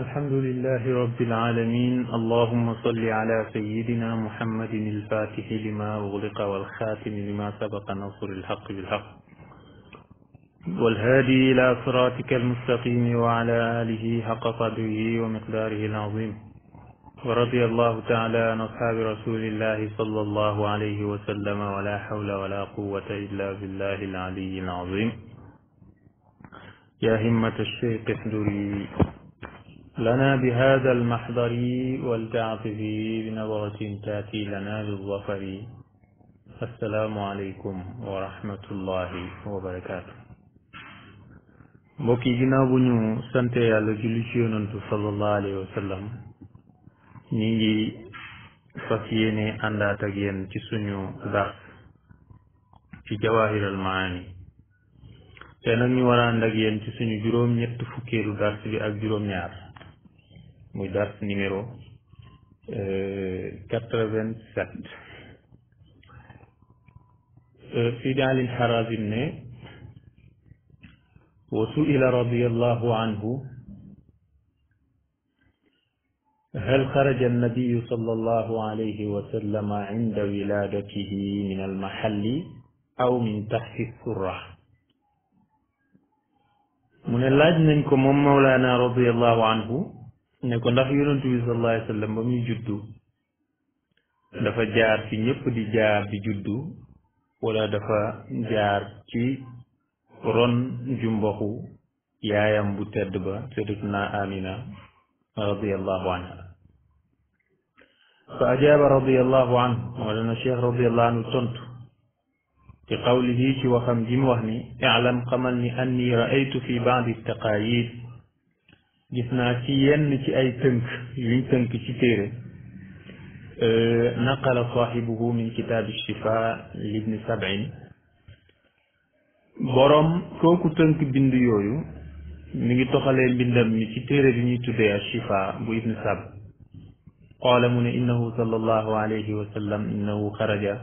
الحمد لله رب العالمين اللهم صل على سيدنا محمد الفاتح لما أغلق والخاتم لما سبق نصر الحق بالحق والهادي إلى صراطك المستقيم وعلى آله حق قدره ومقداره العظيم ورضي الله تعالى عن أصحاب رسول الله صلى الله عليه وسلم ولا حول ولا قوة إلا بالله العلي العظيم يا همة الشيخ احذري لنا بهذا المحضر والتعفف بنظرة تأتي لنا بالظفر السلام عليكم ورحمة الله وبركاته بوكي جنا بنيو سنتي على جلسيون صلى الله عليه وسلم نيجي فسيني أن لا تجين تسنيو ذا في جواهر المعاني تنمي وران لجين تسنيو جروم نيت فكيرو ذا في أجروم نيار muy dars numero في eh, quatre-vingt-sept Sidi وسئل رضي الله عنه هل خرج النبي صلى الله عليه وسلم عند ولادته من المحل أو من تحت السرة من اللجنة كم مولانا رضي الله عنه ne ko ndax yonent bi sallallahu alayhi wa sallam ba muy juddu dafa jaar ci ñëpp di jaar di juddu wala dafa jaar ci ron jumboxu yaayam bu tedd ba sayyidatuna amina radiyallahu anha fa ajaaba radiyallahu anhu moo dana cheikh radiyallahu anhu tontu ci qawlihi ci waxam ji mu wax ni i'lam xamal ni anni ra'aytu fi ba'di taqaayid gis naa ci yenn ci ay tënk yuñ tënk ci téere naqala saaxibuhu min kitaabi shifa libni sabin boroom kooku tënk bind yooyu mi ngi toxalee mbindam mi ci téere bi ñuy tuddee shifa bu ibni sab qaala mu ne innahu sallallahu alayhi wa sallam innahu xaraja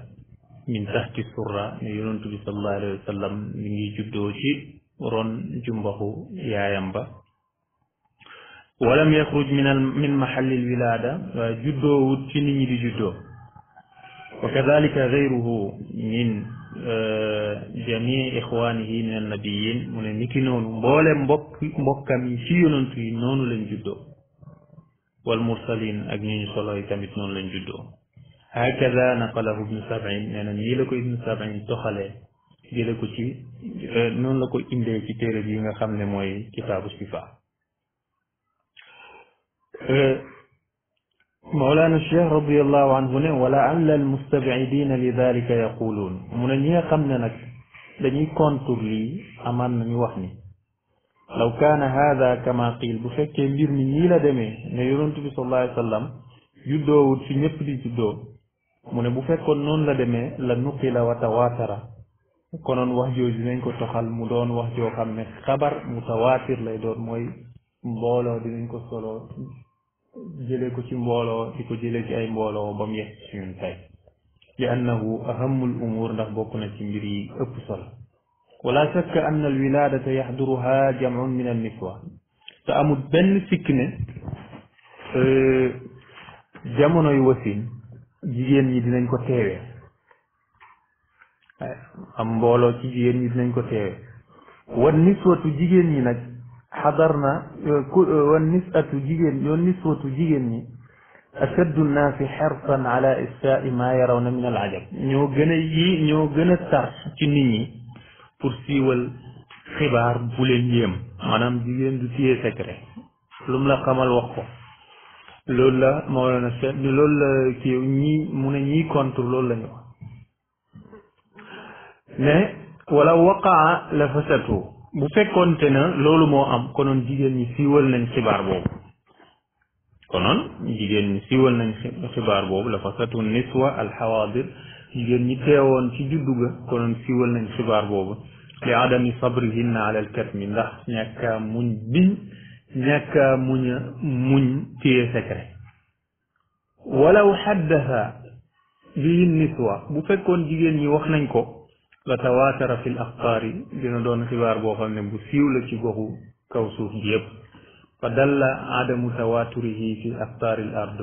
min taxti surra ne yonantu bi sallallahu alayhi wa sallam mi ngi ci ron jumbaxu yaayam ba ولم يخرج من من محل الولادة جدو تنيني جدو وكذلك غيره من آه، جميع إخوانه من النبيين من نكنون بولم بك بك من شيون في لنجدو والمرسلين أجنين صلى الله عليه وسلم لنجدو هكذا نقله ابن سبعين لأن يعني نيلكو ابن سبعين تخلي جيلكو تي آه، نون لكو إندي كتير دينا خمنا موي كتاب الشفاء إيه، مولانا الشيخ رضي الله عنه نعم، ولعل المستبعدين لذلك يقولون من نيا خمنك دني كونتور لي امان ني وخني لو كان هذا كما قيل بفك مير ني لا دمي ني صلى الله عليه وسلم يدو في نيب دي تدو من بو فكون نون لا دمي لا نقل وتواتر كونون واخ جوج نينكو توخال مو دون واخ جو خبر متواتر لا دور موي مبولو دي نينكو سولو jële ko ci mbooloo di ko jëlee ci ay mbooloo ba mu yegg ci ñun tey li annahu ahamul ndax bokk na ci mbir yi ëpp solo wala shakka anna al wiladata yaxduruha jamcun min an niswa te euh, wasin jigéen ñi dinañ ko teewee am mbooloo ci jigéen ñi dinañ ko teewee wan niswatu jigéen ñi nag حضرنا والنسبة جيجن والنسوة جيجن أشد الناس حرصا على إساء ما يرون من العجب نيو جني يي نيو جنا تار تيني فرسي وال خبار بولين يم مانام جيجن دو تيي سكري لوم لا خمال وخو لول لا مولانا سيد ني كي ني مون ني كونتر لول لا ولو وقع لفسته bu fekkoonte na loolu moo am konoon jigéen ñi siiwal nañ xibaar boobu konoon jigéen ñi siiwal nañ xibaar boobu la fasatu niswa alxawaadir jigéen ñi teewoon ci juddu ga konoon siiwal nañ xibaar boobu li adami sabrihinna ala alkatmi ndax ñàkkaa muñ biñ ñàkkaa muñ a muñ téye secret walaw xaddaha bii niswa bu fekkoon jigéen ñi wax nañ ko la tawaatara fil axbaar dina doon xibaar boo xam ne bu siiw la ci goxu kaw suuf bi yépp fa la adamu tawaaturihi fi axbaaril ard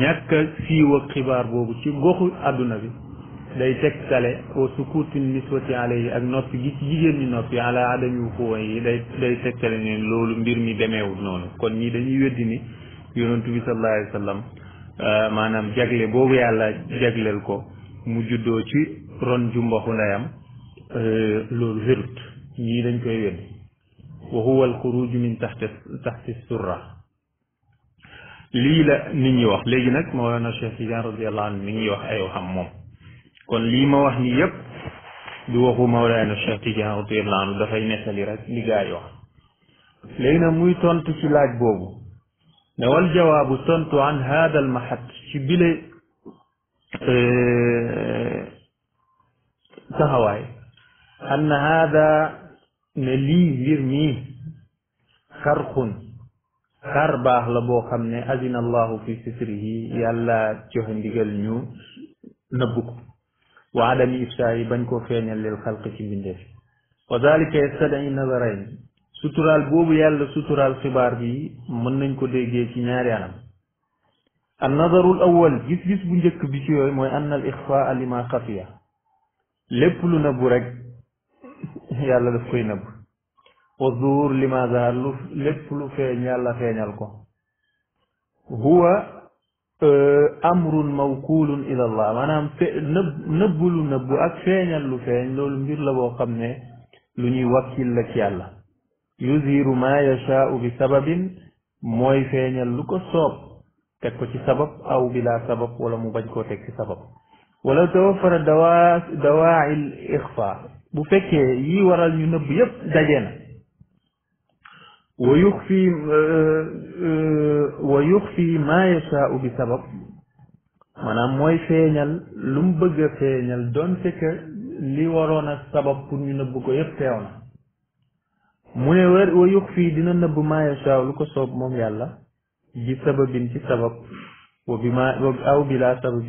ñàkk a siiw ak xibaar boobu ci goxu àdduna bi day tegtale au sukuutin niswati ak noppi gi ci jigéen ñi noppi ala adami xuwa day day tegtale ne loolu mbir mi demeewul noonu kon ñii dañuy weddi ni yonentu bi sallallahu alayhi euh, maanaam jagle boobu yàlla jagleel ko mu juddoo ci ron ju mboxu ndayam loolu wérut ñii dañ koy wedd wa huwa al xuruj min taxti taxti surra lii la nit ñi wax léegi nag mawlana cheikh tidiane radiallahu anhu mi ngi wax ay waxam moom kon lii ma wax ni yépp du waxu mawlana cheikh tidiane radiallahu anhu dafay nettali rek li gaa wax léegi nag muy tontu ci laaj boobu ne wal tontu an hada al ci bile كهواي أن هذا ملي يرميه كرخ kar baax la boo xam ne azina allahu fi sitrihi yàlla joxe ndigal ñu nëbb ko wa adami ifsaa yi bañ koo feeñal lil xalq ci mbindeef wa dalika yastadai nazarayn suturaal boobu yàlla suturaal xibaar bi mën nañ ko déggee ci ñaari anam an nazaru l awal gis-gis bu njëkk bi ci yooyu mooy ann al ixfaa lima xafiya lépp lu nëbbu rekk yàlla daf koy nëbb wa zuhur lima zahar lu lépp lu feeñ yàlla feeñal ko huwa euh, amrun mawkulun ila allah maanaam fe nëbb lu nëbbu ak feeñal lu feeñ loolu mbir la boo xam ne lu ñuy wakkil la ci yàlla yuziru ma yashaau bi sababin mooy feeñal lu ko soob teg ci sabab aw bila sabab wala mu bañ koo teg ci sabab ولو توفر الدواء دواعي الإخفاء فكي يي ورا ينب يب دجنا ويخفي آه، آه، ويخفي ما يشاء بسبب من موي فينال لوم بغ فينال دون فك لي ورونا سبب بو ينب كو يب تيونا مون ويخفي دينا نب ما يشاء لوكو سوب موم يالا دي سبب دي سبب وبما أو بلا سبب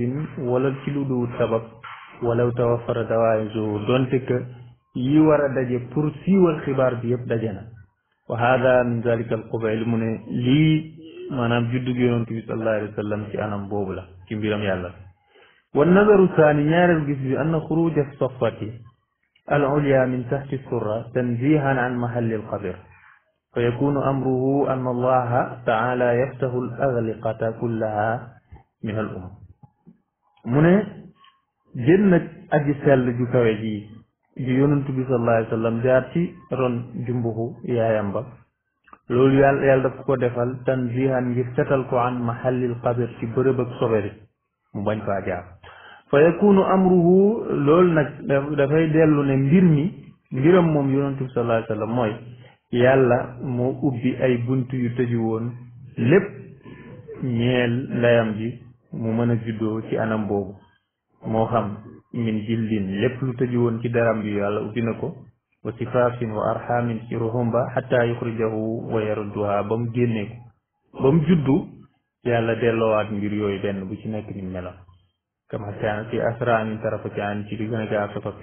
ولا الكلود سبب ولو توفر دوائزو دونتك يورا دجي برسي والخبار ديب دجنا وهذا من ذلك القبائل المنى لي ما نام جد جيرون تبي صلى الله عليه وسلم كي انام مبوبلا كم بيرم يالا والنظر الثاني يارب الجسد أن خروج الصفة العليا من تحت السرة تنزيها عن محل القبر fa yakunu amruhu an allaha taala yaftahu al agliqata kullaha min al umam mu ne génn nag aji sell ju kawe ji ju yonantu bi sallallahu alayhi wa sallam jaar ci ron jumbuxu yaayam ba loolu yàlla yàlla daf ko defal tanzihan ngir setal ko an mahallil qabir ci bërëb ak soberi mu bañ faa jaar fa yakunu amruhu loolu nag dafay dellu ne mbir mi mbiram moom yonantu bi sallallahu alayhi wa sallam mooy yàlla moo ubbi ay bunt yu tëju woon lépp ñeel ndeyam ji mu mën a juddoo ci anam boobu moo xam min jildin lépp lu tëju woon ci daram bi yàlla ubbi na ko wa sifaafin wa arxaamin ci ruhumba xataa yuxrijahu wa yarudduha ba mu génnee ko mu juddu yàlla delloowaat ngir yooyu benn bu ci nekk ni melam kama kaana fi asra min tarafati an ci li gën a gaaw a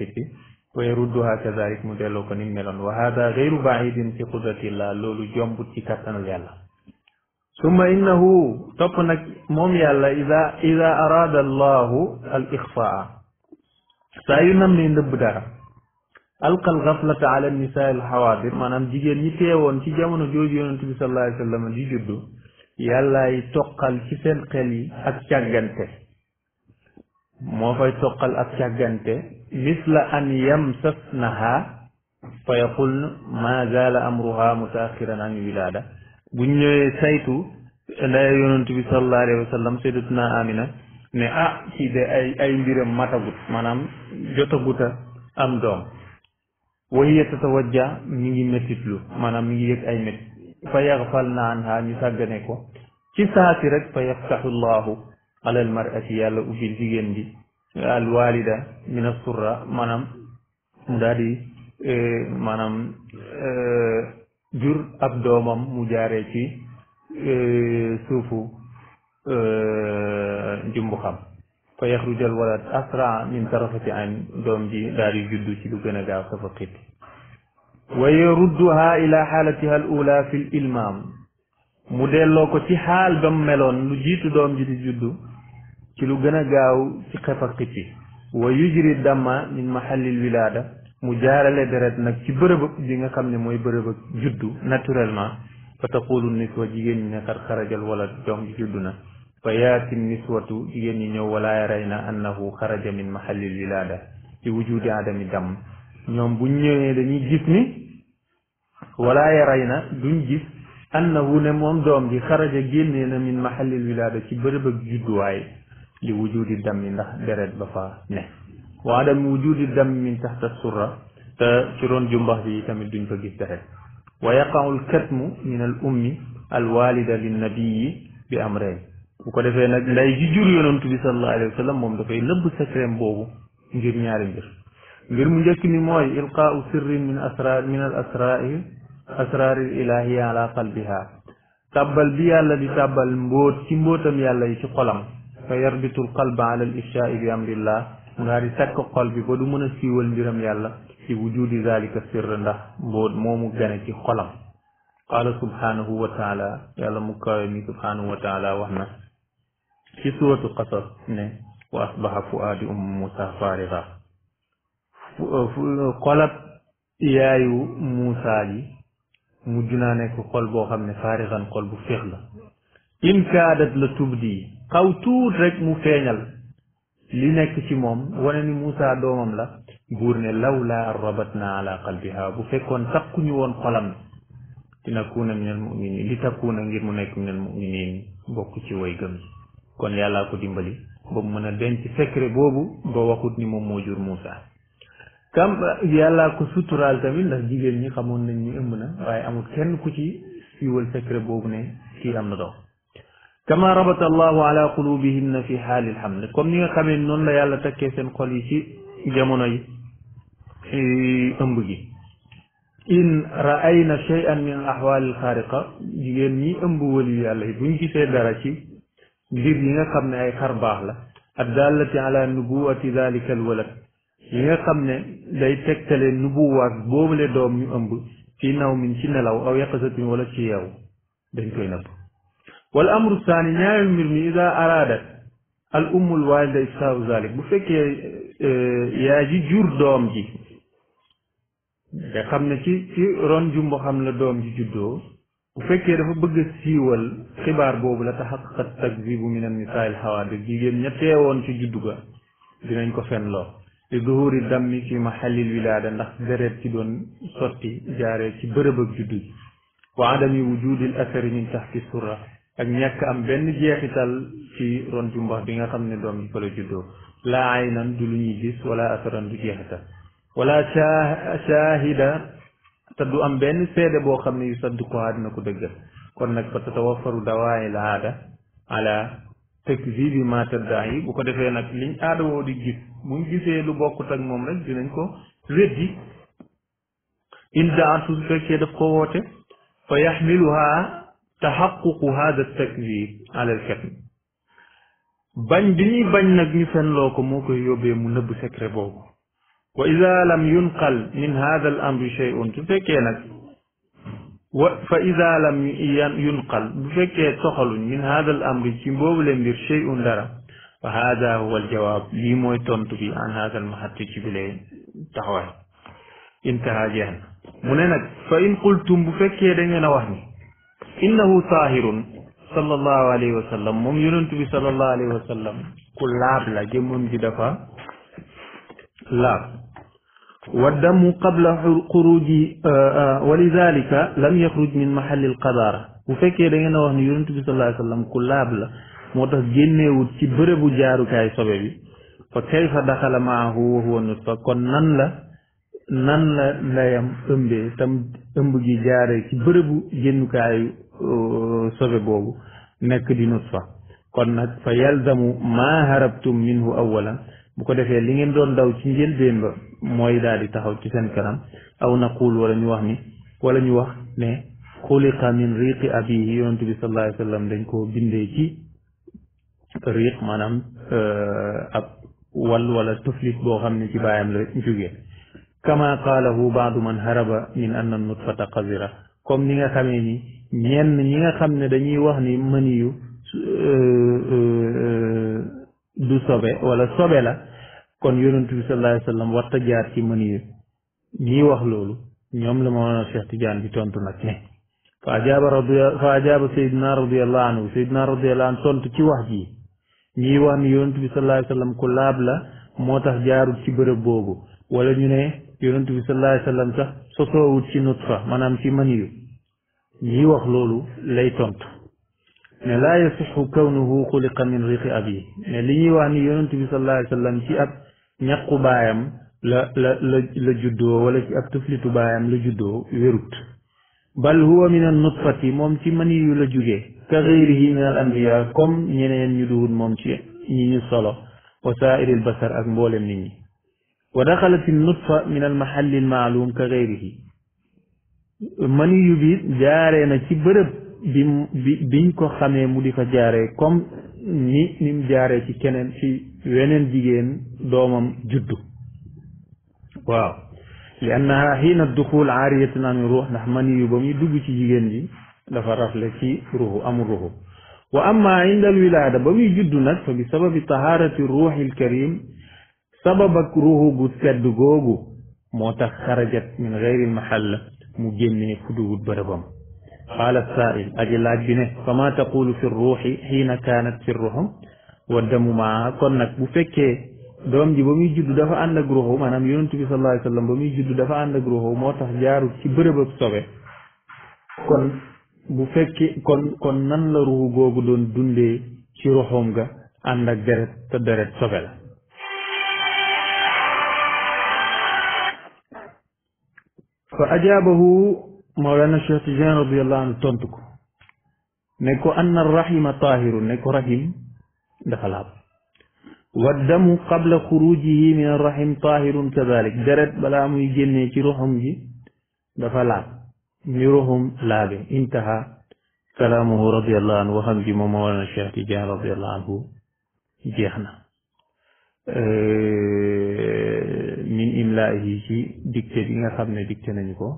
wa yarudduha kadalik mu delloo ko nim meloon wa hada gayru baidin fi qudratillah loolu jombut ci kattanal yàlla summa innahu topp nag moom yàlla ida ida araada allahu al ixfaa saa yu nam ne ndëbb dara alqal gaflata ala nisaa al xawaadir maanaam jigéen ñi teewoon ci jamono jooju yonent bi sallallahu alayhi wa sallam di juddu yàllaay toqal ci seen xel yi ak càggante moo fay toqal ak càggante misla an yamsasnaha fa yaqulna ma zaala amruha mutaaxiran an wilaada buñ ñëwee saytu ndaya yonent bi sallallahu alayhi wa sallam sayyidatuna amina ne ah ci de ay ay mbiram matagut maanaam jotaguta am doom wa hiya tatawajja mi ngi méttitlu maanaam mi ngi yëg ay métti fa yaxfal na an ha ñu sàggane ko ci saasi rek fa yaftaxu llahu على المرأة يالا وفي الجيجين دي الوالدة من السرة مانام مدادي مانام جر أبدومم مجاريتي سوفو جمبخم فيخرج الولد أسرع من طرفة عن دوم دي داري جدو تلو جنجا صفقت ويردها إلى حالتها الأولى في الإلمام مدلو كتحال بملون نجيت دوم جدي جدو ci lu gën a gaaw ci xef ak xippi wa yujri damma min mahallil wilaada mu jaarale deret nag ci bërëbëg bi nga xam ne mooy bërëbëg juddu naturellement fa taqulu niswa jigéen ñi ne xat xarajal wala doom juddu na fa yaati niswatu jigéen ñi ñëw wala yarayna annahu xaraja min mahallil wilaada ci wujudi adami dàmm ñoom bu ñëwee dañuy gis ni wala yarayna duñ gis annahu ne moom doom ji xaraja génnee na min mahallil wilaada ci bërëbëg judduwaay لوجود الدم ده درد بفا نه وعدم وجود الدم من تحت السرة تشرون جنبه في تم الدين فقه ويقع الكتم من الأم الوالدة للنبي بأمرين وكذا فإن لا يجور ينون تبي صلى الله عليه وسلم ممدو في لب سكرين بوهو نجر نيار نجر نجر مجاك نموي إلقاء سر من أسرار من الأسرار أسرار الإلهية على قلبها تبال بيا الذي تبال مبوت كمبوتم يا الله يشي fa yarbitul qalba ala al ifshaai bi amrillah mu daal di takk xol bi ba du mën a siiwal mbiram yàlla ci wujudi zalika sirr ndax mbóot moomu gane ci xolam qaala subhanahu wa taala yàlla mu kawe mi subhanahu wa taala wax na ci suratu qasas ne wa asbaha fuaadi um muusa faariga uh, uh, xolab yaayu muusa ji mujj naa nekk xol boo xam ne faarigan xol bu féex la in kaadat la di xaw tuut rek mu feeñal li nekk ci moom wane ni Moussa doomam la buur ne lawlaa rabatna ala qalbiha bu fekkoon takkuñu woon xolam linakuuna min al muminin li takkuuna ngir mu nekk min al muminin bokk ci way gëm yi kon yàllaa ko dimbali ba mu mën a denc secret boobu ba waxut ni moom moo jur Moussa kam yàllaa ko suturaal tamit ndax jigéen ñi xamoon nañ ni ëmb na waaye amul kenn ku ci siiwal secret boobu ne kii am na doom kama rabata allahu ala qulubihim fi xaali lhamd comme ni nga xamee noonu la yàlla takkee seen xol yi ci jamono yi ëmb gi in raayna shay'an min al ahwaali alxaariqa jigéen ñi ëmb wëli yàlla yi buñ gisee dara ci mbir yi nga xam ne ay xar baax la addallati ala nubuwati dalika alwalad yi nga xam ne day tegtale nubuwaat boobule doom ñu ëmb ci naw min ci nelaw aw yaqasatin wala ci yeewu dañ koy nëbb wal amru saani ñaareel mbir mi ida araadat al ummul walida ifsaahu zalik bu fekkee e, yaa ji jur doom ji xam ne ci ci ron jumbo xam la doom ji juddoo bu fekkee dafa bëgg a siiwal xibaar boobu la taxaqat takzibu min annisaai alxawaadir jigéen ña teewoon ci juddu ga dinañ ko fen loo li duhuri dammi fi mahallil wilaada ndax deret ci doon sotti jaaree ci bërëb ak juddu gi wa adami wujudil athari min taxti surra ak ñàkk am benn jeexital ci ron mbax bi nga xam ne doom ji fa la juddoo laa aynan du lu ñuy gis wala asaran du jeexital wala shaahida te du am benn seede boo xam ne yu saddukohaa dina ko dëggal kon nag fa tatawafaru dawaay la aada ala takzibi ma tadda'i bu ko defee nag liñ aada woo di gis mu gisee lu bokkut ak moom rek dinañ ko weddi in daatu fekkee daf ko woote fa yaxmiluha تحقق هذا التكذيب على الكتم بان بني بان نغني فن لوكو موكو يوبي مو نيب سيكري بوكو واذا لم ينقل من هذا الامر شيء تفكي نك فاذا لم ينقل بفكي توخلو من هذا الامر شي مبوب لمير شيء دارا فهذا هو الجواب لي موي تونت بي عن هذا المحط شي بلاي تاوال انتهى جهن منين فان قلتم بفكي دا نغني واخني innahu taahirun sallallahu alayhi wa sallam moom yonent bi sallallahu alayhi wa sallam ku laab la jëmmam ji dafa laab wa damu qabla xuruji wa lidalika lam yaxruj min maxalli alqadaara bu fekkee da ngeen a wax ne yonent bi sallallahu alayhi wa sallam ku laab la moo tax génneewut ci bërëbu jaarukaay sobe bi fa kayfa daxala maahu wa huwa nutfa kon nan la nan la ndeyam ëmbee tam ëmb gi jaaree ci bërëbu génnukaayu Euh, sobe boobu nekk di nutfa kon nag fa yalzamu maa harabtum minhu awalan bu ko defee li ngeen doon daw ci njëlbeen ba mooy daal di taxaw ci seen kanam aw naqul wala ñu wax ni wala ñu wax ne xuliqa min riqi abihi yonent bi sallallahu dañ koo bindee ci riq maanaam euh, ab wal wala tuflit boo xam ne ci baayam la jógee kama qaalahu baadu man haraba min anna nutfata qazira comme ni nga xamee ni ñenn ñi nga xam ne dañuy wax ni mëniyu euh, euh, euh, du sobe wala sobe la kon yonent bi sallallahu alayhi wa sallam warta ci mëniyu ñiy wax loolu ñoom la Mawlana Cheikh Tidiane bi tontu nag ne fa ajaaba radi fa ajaaba sayidna radiallahu anhu sayidna tontu ci wax ji ñiy wax ni yonent bi sallallahu alayhi wa ku laab la moo tax jaarul ci bërëb boobu wala ñu ne yonent bi sallallahu alayhi wa sallam sax sosoowut ci nutfa maanaam ci mëniyu يوخ لولو لي تونتو ما لا يصح كونه خلق من ريق أبيه ما لي يوهني يونت بي صلى الله عليه وسلم تي أب نيقو بايم لا لا لا لا جدو ولا كي أب تفلت بايم لجدو ويروت بل هو من النطفة مومتي مني يولا جوجي كغيره من الأنبياء كم نينين يدوهن مومتي نيني الصلاة وسائر البصر أكبر من ودخلت النطفة من المحل المعلوم كغيره maniyu bi jaaree na ci bërëb bi biñ ko xamee mu di ko jaaree comme ni nim mu ci keneen ci weneen jigéen doomam juddu waaw li annaha xiina duxul aariyatun an ruux ndax maniyu ba muy dugg ci jigéen ji dafa rafle ci ruuxu amul ruuxu wa amma inda alwilada wilaada ba muy juddu nag fa bi sababi taharati ruuxi alkarim sababak sabab gu tedd googu moo tax xarajat min gayri mahalla mu génnee fu duwut bërëbam qaala saail aji laaj bi ne fa ma taqulu fi ruuxi xiina kaanat fi ruuxum wa damu maa kon nag bu fekkee doom ji ba muy judd dafa ànd ak ruuxu maanaam yonentu bi sallallahu alayhi wa sallam muy judd dafa ànd ak moo tax jaarul ci bërëbab sobe kon kon kon nan la ruuxu googu doon dundee ci ruuxum ga ànd ak deret deret sobe la فأجابه مولانا الشيخ تجان رضي الله عنه تنتك نكو أن الرحم طاهر نكو رحم دخل والدم قبل خروجه من الرحم طاهر كذلك درت بلا ميجيني كي روحهم جي دخل نيروهم لابن انتهى كلامه رضي الله عنه وهم جي مولانا الشيخ تجان رضي الله عنه جيهنا min imlaihi ci dicté bi nga xam ne dicté nañu ko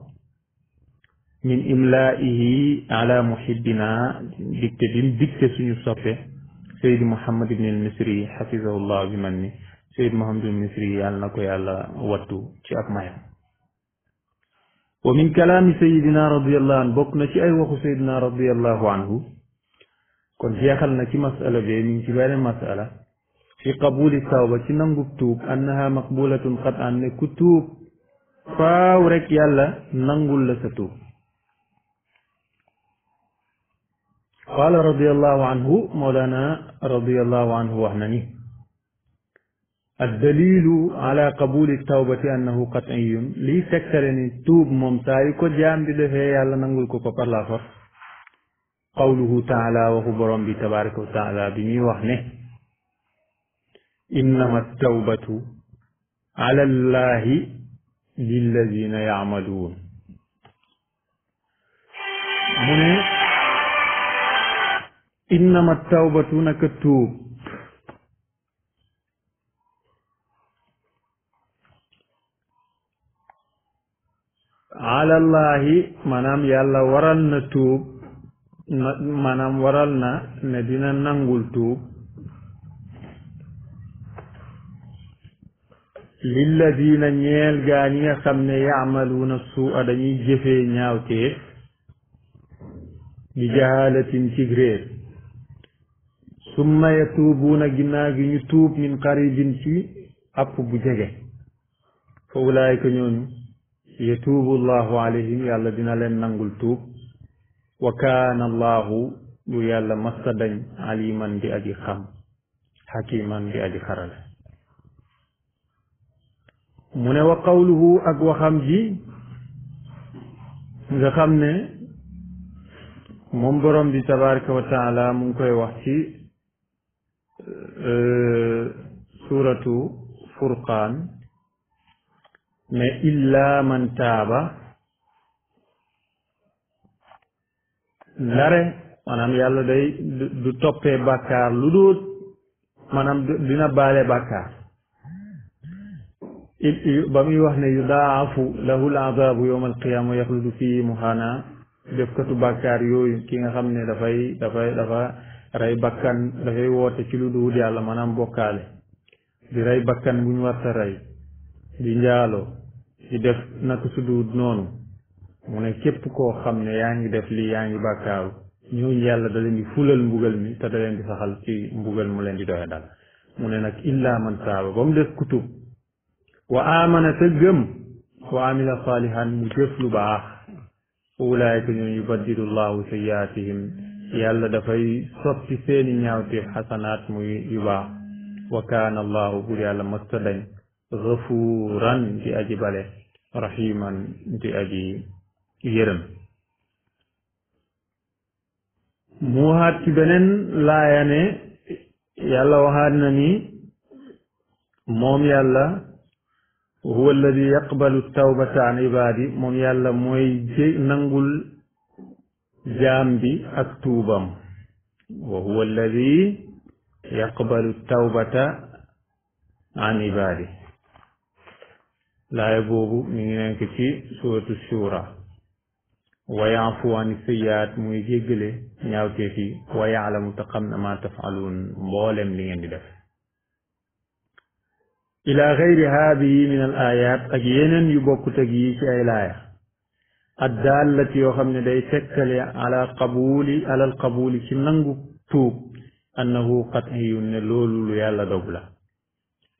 min imlaihi ala muhibbina dicté bi dicté suñu soppe Seyd Mouhamad ibn al-Misri xafizahullah bi man ni Seyd Mouhamad ibn al-Misri yàlla na ko yàlla wattu ci ak mayam wa min kalaami sayidina radiallahu anhu bokk na ci ay waxu sayidina radiallahu anhu kon jeexal na ci masala bi mi ci beneen masala fi qabuli tawba ci nangub tuub annaha maqbulatun xataan ne ku tuub faaw rek yàlla nangul la sa tuub qaala radiallahu anhu mawlana radiallahu anhu wax na ni addalilu ala qabuli tawbati annahu qatiyun liy tegtale ni tuub moom saa yu ko jaam bi defee yàlla nangul ko ko par la force qawluhu taala waxu borom bi tabaraka wa taala bi ñuy wax ne innama tawbatu ala llahi lilladina yaamaluun mu ne innama tawbatu naka tuub ala llahi maanaam yàlla waral na tuub na maanaam waral na ne dina nangul tuub lilladina ñeel gaa ñi nga xam ne yaamaluuna suua dañuy jëfee ñaawteef bi jahaalatin ci réer summa yatuubuuna ginnaaw gi ñu tuub min qaribin ci app bu jege fa ulaayika ñooñu yatuubu allahu alayhim yàlla dina leen nangul tuub wa kaana allahu bu yàlla masta dañ aliman di aji xam xakiman di aji xarale mu ne wax qawluhu ak waxam ji nga xam ne moom borom bi tabaraka wa mu ngi koy wax ci euh, suratu furqaan ne illa man taaba lare maanaam yàlla day du toppee bàkkaar lu dul maanaam dina baale bàkkaar ba muy wax ne yu daa yudaafu lahul azaabu yowm alqiyaama yaxludu fii muhaana defkatu bàkkaar yooyu ki nga xam ne dafay dafay dafa rey bakkan dafay woote ci lu duwut yàlla maanaam bokkaale di rey bakkan bu ñu warta rey di njaaloo di def naka su noonu mu ne képp koo xam ne yaa ngi def lii yaa ngi bàkkaaru ñooñu yàlla da leen di fulal mbugal mi te da di saxal ci mbugal mu leen di doxe dal mu ne nag illaa man saaba ba mu des kutub wa amana te wa amila saalihan mu jëf lu baax ulaayka ñoo yubaddilu llahu sayaatihim yàlla dafay soppi seeni ñaawteef xasanaat muy yu baax wa kaana allahu bur yàlla mësta dañ gafuuran aji bale rahiman di aji yërëm mu waxaat ci beneen laaya ne yàlla waxaat na ni moom yàlla wa huwa alladi yaqbalu tawbata an ibaadi moom yàlla mooy jé nangul jaam bi ak tuubam wa huwa alladi yaqbalu tawbata an ibaadi laaya boobu mi ngi nekk ci suratu shura wa yaafu an sayyaat muy jéggale ñaawteef yi wa yaalamu te xam na ma tafaluun mboolem li ngeen di def إلى غير هذه من الآيات أجينن يبوكتك يشي أي الدالة يوخم ندي على قبول على القبول كننغو توب أنه قد هيون لولو يالا دولا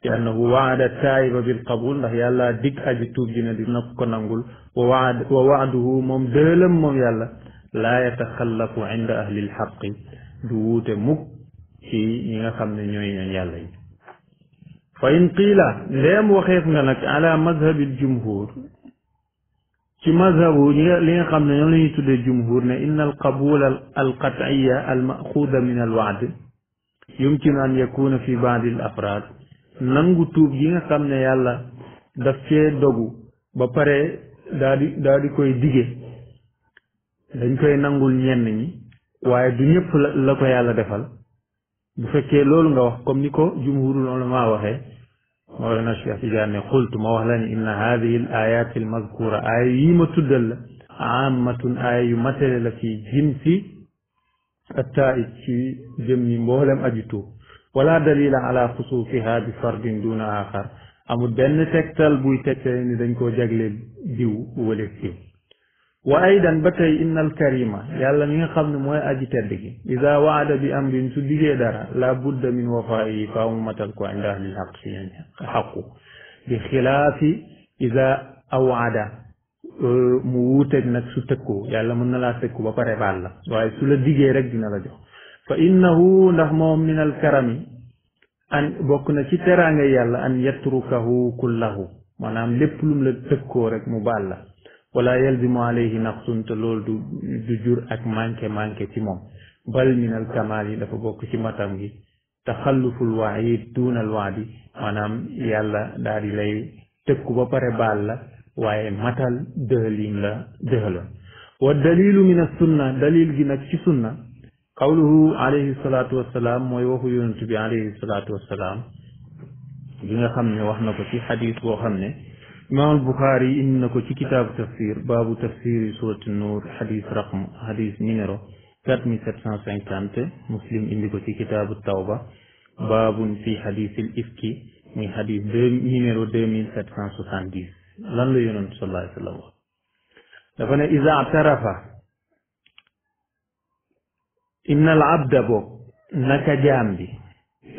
لأنه وعد التائب بالقبول الله يالا ديك أجي توب جينا دي نبكو ننغل ووعد ووعده مم دلم مم يالا لا يتخلف عند أهل الحق دووت مك في ينخم نيوين يالا يالا fa in qiila ndeem waxeef nga nag ala mazhabil jumhur ci mazhabu li nga xam ne ñoom la ñuy tuddee jumhur ne inna al qabul al qat'iyya al maxuuda min al waad yumkinu an yakuna fi baadi al afraad nangu tuub yi nga xam ne yàlla daf cee dogu ba pare daa di daa di koy dige dañ koy nangul ñenn ñi waaye du ñëpp la la ko yàlla defal bu fekkee loolu nga wax comme ni ko jumhurul ulama waxee mawlana Cheikh Tidiane ne xultu ma wax la ni inna hadihi al ayat al ma tuddal la ammatun aaya yu matale la fi jinsi attaib ci jëmmi mboolem aju tuub wala dalila ala xusuufiha bi fardin duna axar amul benn tegtal buy tegtale ni dañ koo jagle diw wala diw وايضا بكاي ان الكريم يالا ميغا خامن موي ادي تدغي اذا وعد بامر سديجي دارا لا بد من وفائه فهو متل كو عند اهل الحق يعني حق بخلاف اذا اوعد مو ووتك نك سو تكو يالا من لا تكو با بري بال واي سولا رك دينا لا فانه نح من الكرم ان بوكنا سي تيرانغي يالا ان يتركه كله مانام ليپ لوم لا رك مو wala yalbimu alayhi naqsun te loolu du du jur ak manqué manqué ci moom bal minal kamaal yi dafa bokk ci matam gi taxalluful waayid duunal waadi maanaam yàlla daal di lay tëkku ba pare baal la waaye matal dëhaliim la dëhaloon wa dalilu gi nag ci sunna qawluhu alayhi salaatu mooy waxu yonent bi nga xam ne wax na ko ci xadiis boo xam ne imaamul buxaari yi indi na ko ci kitaabu tafsir baabu tafsiri surati nuur xadis raqm xadis numéro quatre mille sept cent cinquante muslim indi ko ci kitaabu tawba baabun fi xadisil ifki muy xadis deux numéro deux mille sept cent soixante dix lan la yonent sallallahu alayhi wa sallam wax dafa ne iza tarafa innal abda boog naka jaam bi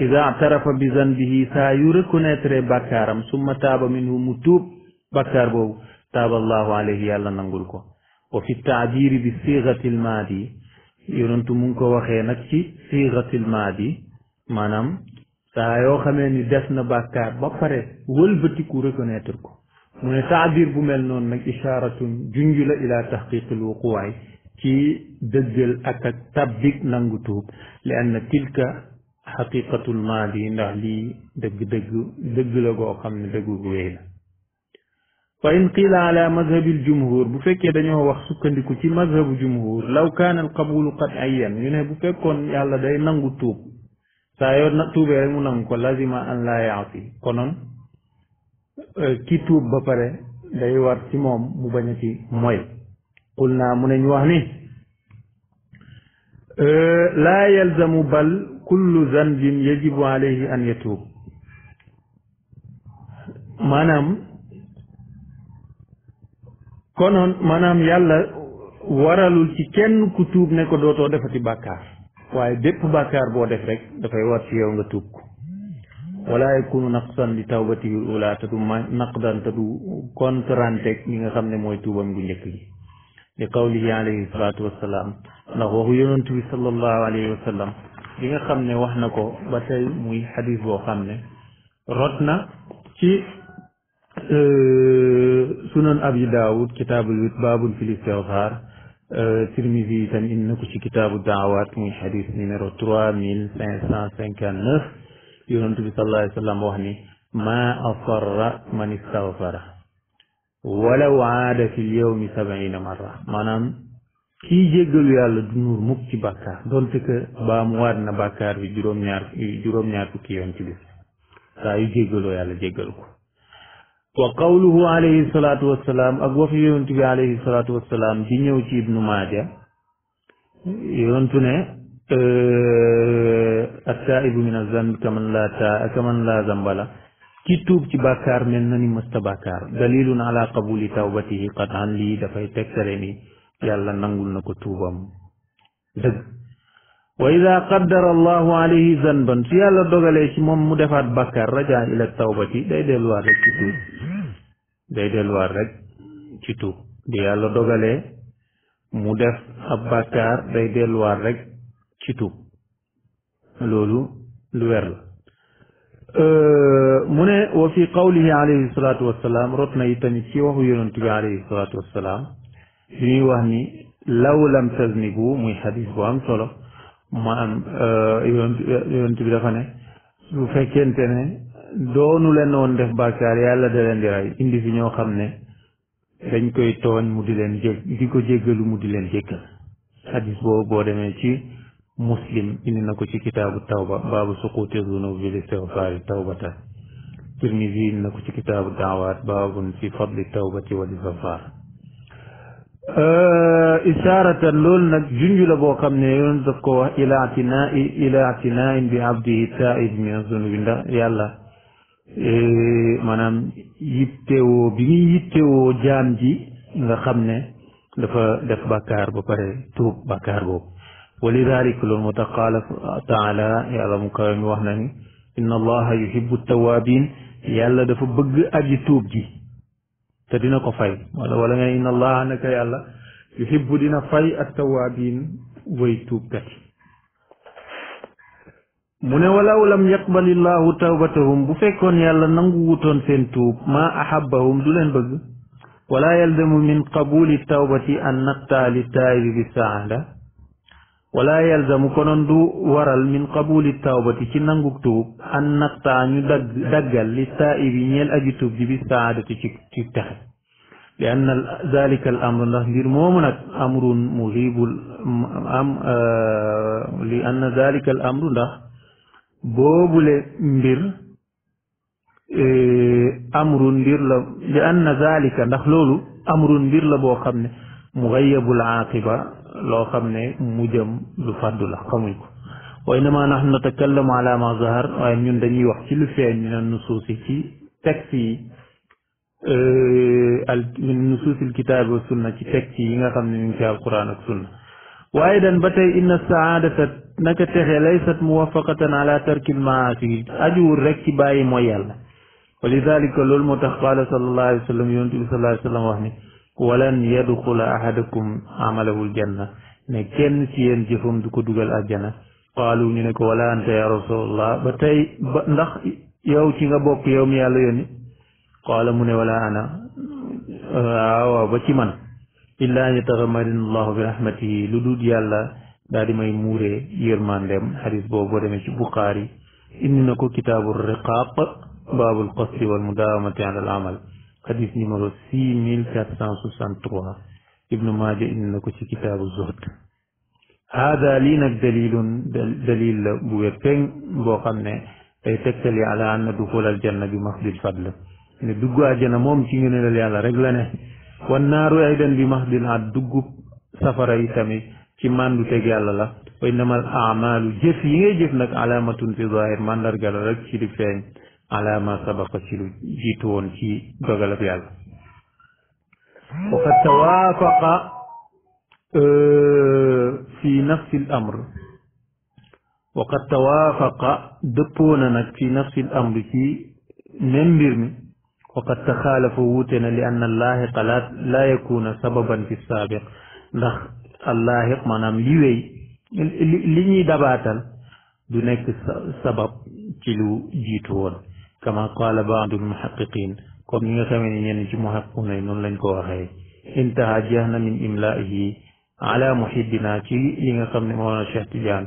iza tarafa bi zanbihi saa yu reconnaître bàkkaaram summa taaba minhu mu tuub bakkaar boobu taaballahu alayhi yàlla nangul ko wa fi taabiri bi siixatil maadi yonentu mu ngi ko waxee nag ci siixatil maadi maanaam saa yoo xamee ni def na bàkkaar ba pare wëlbatiku reconnaître ko mu ne taabir bu mel noonu nag ishaaratun junju la ila taxqiqil wuquwaay ci dëggal ak ak tabbik nangu tuub li anna tilka xaqiqatul maadi ndax lii dëgg dëgg dëgg la goo xam ne dëggu gu wéy la fa in qiila ala madhabi aljumhur bu fekkee dañoo wax sukkandiku ci madhabu jumhur law kaana alqabulu qat'iyan ñu ne bu fekkoon yàlla day nangu tuub saa yoo na tuubee rek mu nangu ko lazima an laa yaasi konoon euh, ki tuub ba pare day war ci moom mu bañ a ci moy qul naa mu ne ñu wax ni euh, laa yalzamu bal kullu zanbin yajibu alayhi an yatuub maanaam konoon maanaam yàlla waralul ci kenn ku tuub ne ko dootoo defati bàkkaar waaye dépp bàkkaar boo def rek dafay war ci yow nga tuub ko wala yakunu naqsan di tawbatihi ula te du ma naq naqdan te du kontranteg li nga xam ne mooy tuubam gu njëkk gi li qawlihi alayhi salaatu wassalaam ndax waxu yonent bi sallallahu alayhi wa sallam li nga xam ne wax na ko ba tey muy xadis boo xam ne rot na ci Euh, sunan abi daawud kitaabul wit baabul fil euh, tirmisi itam indi na ko ci kitaabu daawaat muy xadis numéro trois mille cinq cent cinquante neuf yonent bi sallallahu alayhi wax ni maa asarra man istagfara walaw aada fil yawmi sabiina marra maanaam kii jéggalu yàlla du nuur mukk ci bàkkaar donte que baa mu waat na bàkkaar bi juróom-ñaar juróom-ñaar fukki yoon ci saa yu jéggaloo yàlla jéggal ko wa qawluhu alayhi salaatu wassalaam ak waxu yonentu bi alayhi salaatu wassalaam di ñëw ci ibnu maaja yonentu ne attaibu min azambi kaman laa ta kaman laa zambala ki tuub ci bàkkaar mel na ni mësta bàkkaar dalilun ala qabuli tawbatihi qatan lii dafay tegtale ni yàlla nangul na ko tuubam dëgg wa ida qaddara allahu alayhi zanban su yàlla dogalee ci moom mu defaat bàkkaar rajaa ila tawbati day delluwaat rek ci tuub day delluwaat rek ci tuub di yàlla dogale mu def ab bàkkaar day delluwaat rekk ci tuub loolu lu wer la mu ne wa fi qawlihi alayhi salaatu wassalaam rot na yi tamit ci waxu yonent wax ni law lam taznibu muy xadis bu am solo maanaam euh, yoon yonent bi dafa ne fekkente ne doonu leen woon def bàkkaar yàlla da leen di rey indi fi ñoo xam ne dañ koy tooñ mu di leen jég di ko jéggalu mu di leen jéggal xadis boobu boo demee ci muslim indi na ko ci kitaabu tawba baabu suquuti zunub bil istigfaari tawbatan tirmisi indi na ko ci kitaabu daawaat baabun fi fadli tawbati wal istigfaar Euh, ishaaratan loolu nag junj la boo xam ne yoon daf ko wax ila tinaa ila tinaa bi abdihi taib min zunubi ndax yàlla eh, maanaam yittewoo bi ñuy yittewoo jaam ji nga xam ne dafa def bàkkaar ba pare tuub bàkkaar boobu walidalik loolu moo tax qaala taala yàlla mu kawe mi wax na ni inna allaha yuhibbu tawabin yàlla dafa bëgg aji tuub ji te dina ko fay wala wala nga inna allaha naka yàlla yuhibbu dina fay at tawaabiin way tuubkat yi mu ne walaw lam yaqbalillahu tawbatahum bu fekkoon yàlla nangu wutoon seen tuub maa ahabbahum du leen bëgg wala yalzamu min qabuli tawbati an naqtaa li taayibi bi saada ولا يلزم كنندو ورل من قبول التوبة تشننغوك توب أن نقطعني دقل للتائبين يلأجي توب دي بالسعادة تشتخ لأن ذلك الأمر الله دير مؤمنة أمر مغيب أم آه لأن ذلك الأمر الله بوبل مبير آه، أمر دير لأن ذلك نخلول أمر دير لبو خبني مغيب العاقبة loo xam ne mu jëm lu fàddu la xamuñ ko wa innama nahnu natakallamu ala ma zahar waaye ñun dañuy wax ci lu feeñ mina nusuusi ci texte yi al nusuusil kitaabi wa sunna ci texte yi nga xam ne ñu ngi ci alquran ak sunna waaye dan ba tey inna saadata naka texe laysat muwafaqatan ala tarkil maasi ajuwul rek ci bàyyi mooy yàlla wa lidalika loolu moo tax qaala sallallahu alayhi wa sallam yonent bi sallallahu alayhi wa sallam wax ni walan yadxula ahadakum amalahul janna ne kenn ci yéen jëfam du ko dugal àjjana qaalu ñu ne ko wala anta ya rasulallah ba tey ba ndax yow ci nga bokk yow mi yàlla yónni qaala mu ne wala ana ah, waaw ba ci man illaa yataxamadina allahu bi rahmatihi lu dul yàlla daa di may muuree yërmandeem xadis boobu boo demee ci buxaari indi na ko kitaabu riqaaq baabul qasdi wal mudaawamati ala al amal xadis numéro six mille quatre cent soixante trois ibnu maaja indi na ko ci kitaabu zuhd haada lii nag dalilun dalil la bu wér peng boo xam ne day tegtali ala anna duxul aljanna bi maxdil fadl ne dugg àjjana moom ci ngëneelal yàlla rek la ne wan naaru bi max di at duggub safara yi tamit ci màndu teg yàlla la wa innamal amalu jëf yi ngay jëf nag alaamatun fi rek ci di feeñ alaama sabaqa ci lu jiitu woon ci dogalab yàlla waqad tawaafaqa euh, fi nafsi l amr waqad tawaafaqa dëppoo na nag fi nafsi l amr ci même mbir mi waqad taxaalafa wuute na li anna allaahiqa la laa yakuna sababan fi saabiq ndax allaahiq maanaam li wéy li ñuy dabaatal du nekk sabab ci lu jiitu woon كما قال بعض المحققين كون نيغا خاميني ني نجي محققون نون لنج كو واخاي انتهى جهنا من املائه على محبنا تي ليغا خاميني مولانا شيخ تيجان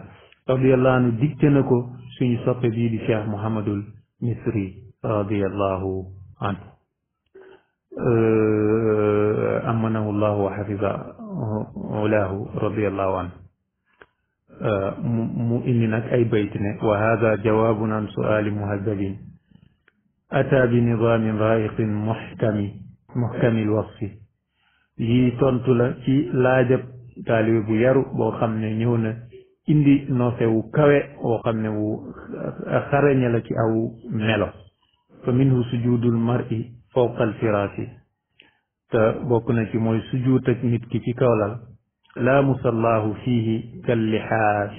رضي الله عنه ديكتناكو سوني صوفي بي دي شيخ محمد المصري رضي الله عنه أمنه الله وحفظ علاه رضي الله عنه مؤمنك أي بيتنا وهذا جواب عن سؤال مهذبين أتى بنظام رائق محكم محكم الوصف لي تونت لا كي لا جب تالي بو يارو بو خامني نيونا اندي نوسيو كاوي و خامني و خارني لا كي او ميلو فمنه سجود المرء فوق الفراش تا بوكنا كي موي سجود تك نيت كي كي كاولا لا مصلاه فيه كاللحاف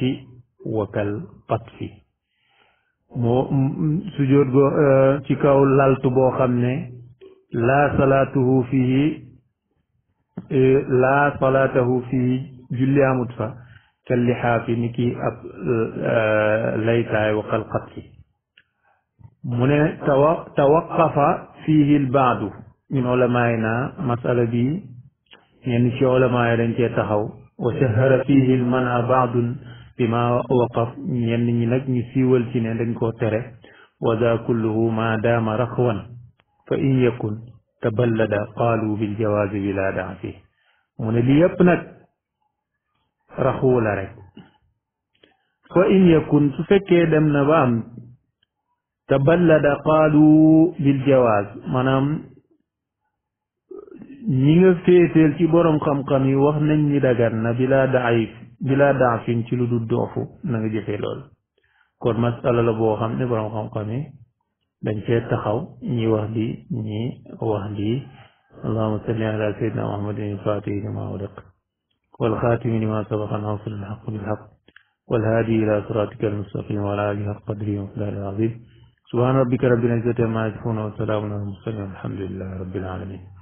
وكالقطف moo mm, mm, sujjóot go euh, ci kaw laltu boo xam ne laa salaatuhu fii euh, laa salaatahu fii julli amut fa kelli xaafi ni ki ab euh, laytaay waxal xatki mu ne tawa tawaqafa fiihi lbaadu min olamaay naa masala bi ñenn ci olamaay dañ cee taxaw wa sahara fiihi lmana baadun bi ma waqaf ñenn ñi nag ñu siiwal ci ne dañ ko tere wa za kulluhu ma daama raxwan fa in yakun taballada qaalu bi laa daa fi mu ne li yépp nag rek fa in yakun su fekkee dem na ba am qaalu bil jawaaz maanaam ñi nga féeteel ci boroom xam yi wax nañ ni dagan bila bi بلا دافين ci لو دو دوفو نغي جيفي لول كون مساله لا بو خامني بروم خام خامي دنج سي تخاو ني واخ دي ني واخ دي اللهم صل على سيدنا محمد الفاتح لما أغلق والخاتم لما سبق الناصر الحق بالحق والهادي إلى صراطك المستقيم وعلى آله حق قدره العظيم سبحان ربك رب العزة عما يصفون وسلام على المرسلين والحمد لله رب العالمين